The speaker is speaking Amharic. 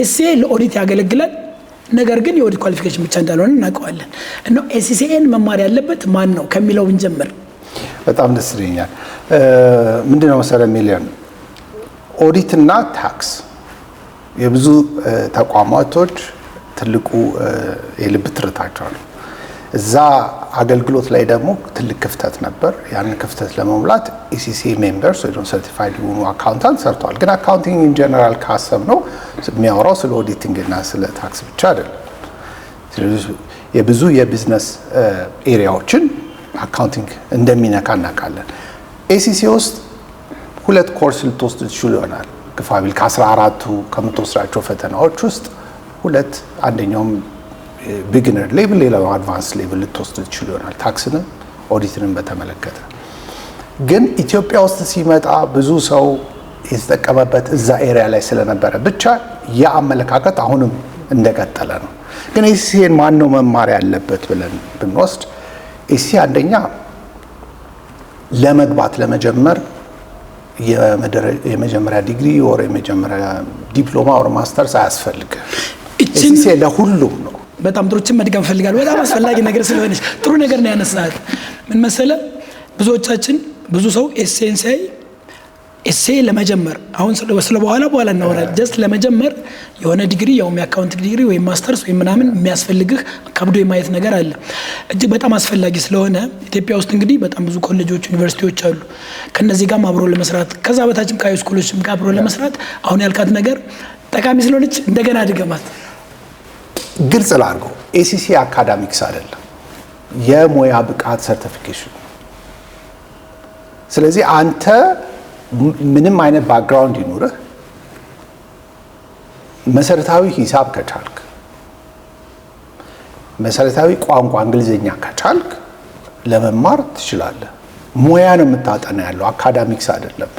ኤሴ ለኦዲት ያገለግላል። ነገር ግን የኦዲት ኳሊፊኬሽን ብቻ እንዳልሆነ እናውቀዋለን። እና ኤሲሲኤን መማር ያለበት ማን ነው ከሚለው ብንጀምር በጣም ደስ ይለኛል። ምንድነው መሰለ ሚሊዮን ኦዲትና ታክስ የብዙ ተቋማቶች ትልቁ የልብ ትርታቸው ነው። እዛ አገልግሎት ላይ ደግሞ ትልቅ ክፍተት ነበር። ያንን ክፍተት ለመሙላት ኢሲሲ e ሜምበርስ ወይ ደግሞ ሰርቲፋይድ የሆኑ አካውንታንት ሰርተዋል። ግን አካውንቲንግ ኢን ጀነራል ካሰብ ነው የሚያወራው ስለ ኦዲቲንግ እና ስለ ታክስ ብቻ አይደለም። የብዙ የቢዝነስ ኤሪያዎችን አካውንቲንግ እንደሚነካ እናውቃለን። ኤሲሲ e ውስጥ ሁለት ኮርስ ልትወስድ ትችሉ ይሆናል ግፋቢል ከ14ቱ ከምትወስዳቸው ፈተናዎች ውስጥ ሁለት አንደኛውም ቢግነር ሌቭል ሌላው አድቫንስ ሌቭል ልትወስድ ትችል ይሆናል። ታክስንም ኦዲትንም በተመለከተ ግን ኢትዮጵያ ውስጥ ሲመጣ ብዙ ሰው የተጠቀመበት እዛ ኤሪያ ላይ ስለነበረ ብቻ የአመለካከት አሁንም እንደቀጠለ ነው። ግን ኤሲሲን ማን ነው መማር ያለበት ብለን ብንወስድ ኤሲሲ አንደኛ ለመግባት ለመጀመር የመጀመሪያ ዲግሪ ወር የመጀመሪያ ዲፕሎማ ወር ማስተርስ አያስፈልግም። ኤሲሲ ለሁሉም ነው። በጣም ጥሩ ችን መድገም እፈልጋለሁ። በጣም አስፈላጊ ነገር ስለሆነች ጥሩ ነገር ነው ያነሳት። ምን መሰለ ብዙዎቻችን ብዙ ሰው ኤሴን ሲያይ ኤሴ ለመጀመር አሁን ስለ በኋላ በኋላ እናወራለን። ጀስት ለመጀመር የሆነ ዲግሪ ያውም የአካውንት ዲግሪ ወይም ማስተርስ ወይም ምናምን የሚያስፈልግህ ከብዶ የማየት ነገር አለ። እጅግ በጣም አስፈላጊ ስለሆነ ኢትዮጵያ ውስጥ እንግዲህ በጣም ብዙ ኮሌጆች፣ ዩኒቨርሲቲዎች አሉ። ከነዚህ ጋርም አብሮ ለመስራት ከዛ በታችም ከሃይ ስኩሎችም ጋር አብሮ ለመስራት አሁን ያልካት ነገር ጠቃሚ ስለሆነች እንደገና አድገማት። ግልጽ ላድርገው፣ ኤሲሲ አካዳሚክስ አይደለም፣ የሙያ ብቃት ሰርቲፊኬሽን። ስለዚህ አንተ ምንም አይነት ባክግራውንድ ይኑርህ፣ መሰረታዊ ሂሳብ ከቻልክ፣ መሰረታዊ ቋንቋ እንግሊዝኛ ከቻልክ ለመማር ትችላለህ። ሙያ ነው የምታጠና ያለው አካዳሚክስ አይደለም።